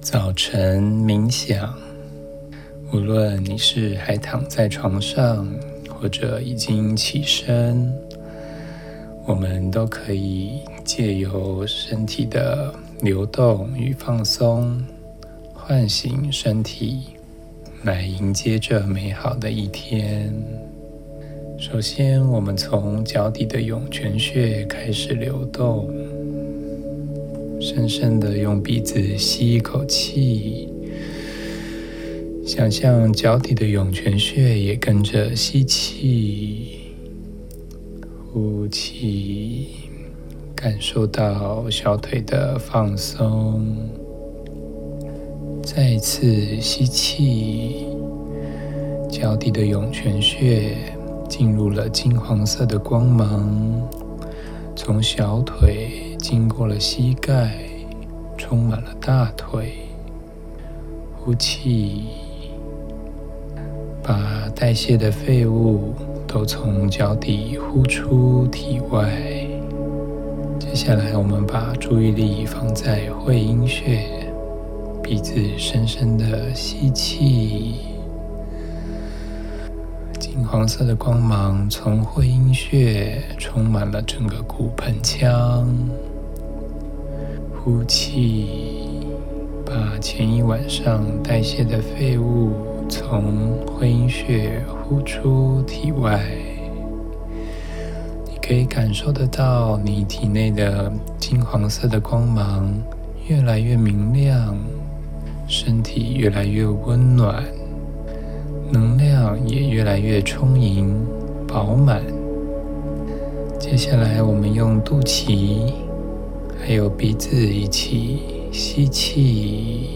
早晨冥想，無論你是還躺在床上，或者已經起身，我們都可以借由身體的流動與放鬆，喚醒身體，來迎接這美好的一天。首先，我們從腳底的湧泉穴開始流動。深深的用鼻子吸一口氣，想象腳底的湧泉穴也跟着吸氣、呼氣，感受到小腿的放鬆。再次吸氣，腳底的湧泉穴進入了金黃色的光芒，從小腿。經過了膝蓋，充滿了大腿。呼氣，把代謝的廢物都從腳底呼出體外。接下來，我們把注意力放在會陰穴，鼻子深深的吸氣。金黃色的光芒從會陰穴充滿了整個骨盆腔。呼氣，把前一晚上代謝的廢物從會陰穴呼出體外。你可以感受得到，你體內的金黃色的光芒越來越明亮，身體越來越溫暖。能量也越來越充盈、飽滿。接下來，我們用肚臍還有鼻子一起吸氣，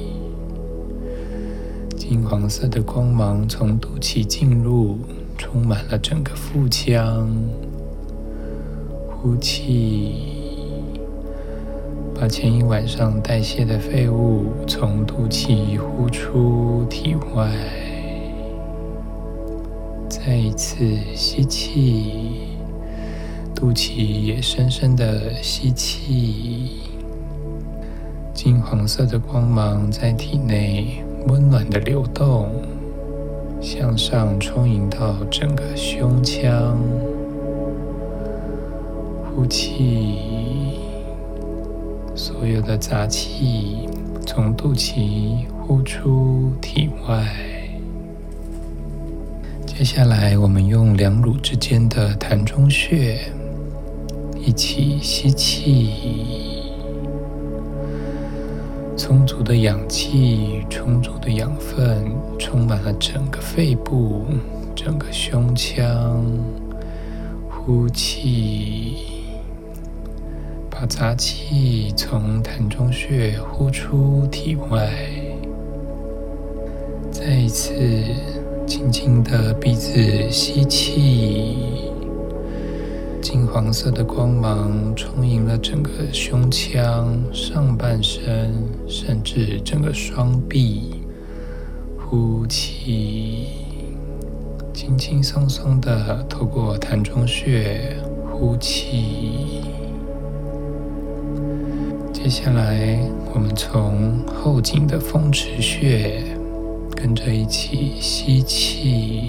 金黃色的光芒從肚臍進入，充滿了整個腹腔。呼氣，把前一晚上代謝的廢物從肚臍呼出體外。再一次吸氣，肚臍也深深的吸氣，金黃色的光芒在體內溫暖的流動，向上充盈到整個胸腔。呼氣，所有的雜氣從肚臍呼出體外。接下來，我們用兩乳之間的膻中穴，一起吸氣，充足的氧氣、充足的養分充滿了整個肺部、整個胸腔。呼氣，把雜氣從膻中穴呼出體外。再一次。輕輕的鼻子吸氣，金黃色的光芒充盈了整個胸腔、上半身，甚至整個雙臂。呼氣，輕輕鬆鬆的透過膻中穴呼氣。接下來，我們從後頸的風池穴。跟着一起吸氣，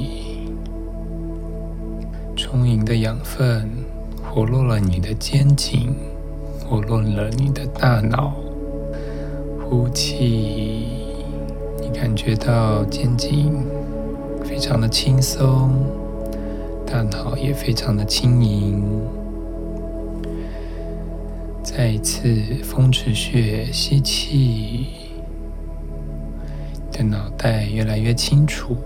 充盈的養分活絡了你的肩頸，活絡了你的大腦。呼氣，你感覺到肩頸非常的輕鬆，大腦也非常的輕盈。再一次，風池穴，吸氣。腦袋越來越清楚，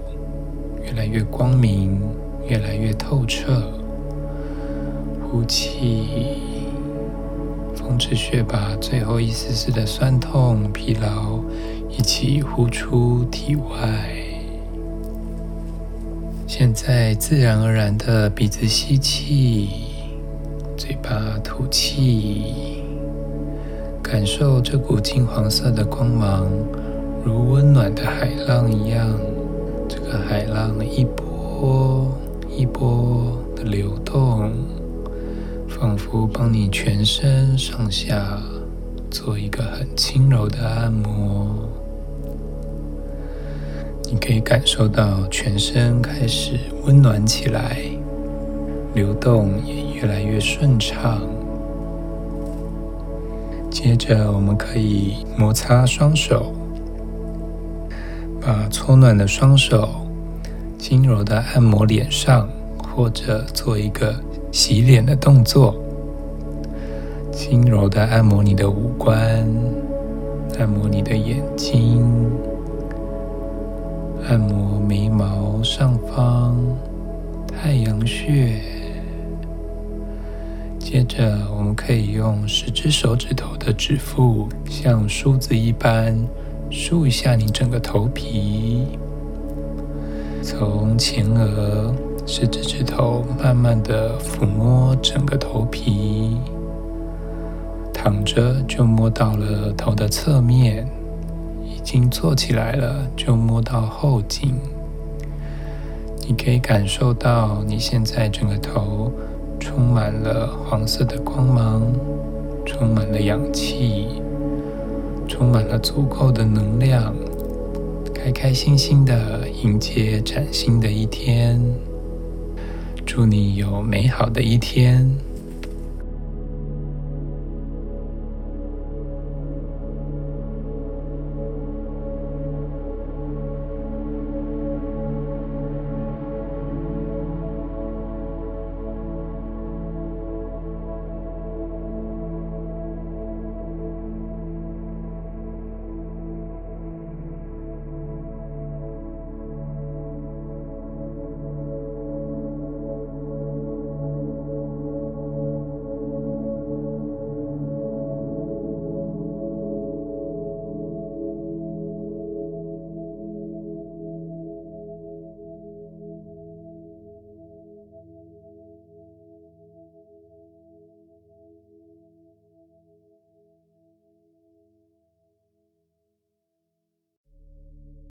越來越光明，越來越透徹。呼氣，風池穴把最後一絲絲的痠痛、疲勞一起呼出體外。現在自然而然的鼻子吸氣，嘴巴吐氣，感受這股金黃色的光芒。如溫暖的海浪一樣，這個海浪一波一波的流動，仿佛幫你全身上下做一個很輕柔的按摩。你可以感受到全身開始溫暖起來，流動也越來越順暢。接着，我們可以摩擦雙手。把搓暖的雙手，輕柔的按摩臉上，或者做一個洗臉的動作。輕柔的按摩你的五官，按摩你的眼睛，按摩眉毛上方、太陽穴。接着，我們可以用十隻手指頭的指腹，像梳子一般。梳一下你整個頭皮，從前額十指指頭慢慢的撫摸整個頭皮，躺着就摸到了頭的側面，已經坐起來了，就摸到後頸。你可以感受到你現在整個頭充滿了黃色的光芒，充滿了氧氣。充滿了足夠的能量，開開心心的迎接嶄新的一天。祝你有美好的一天。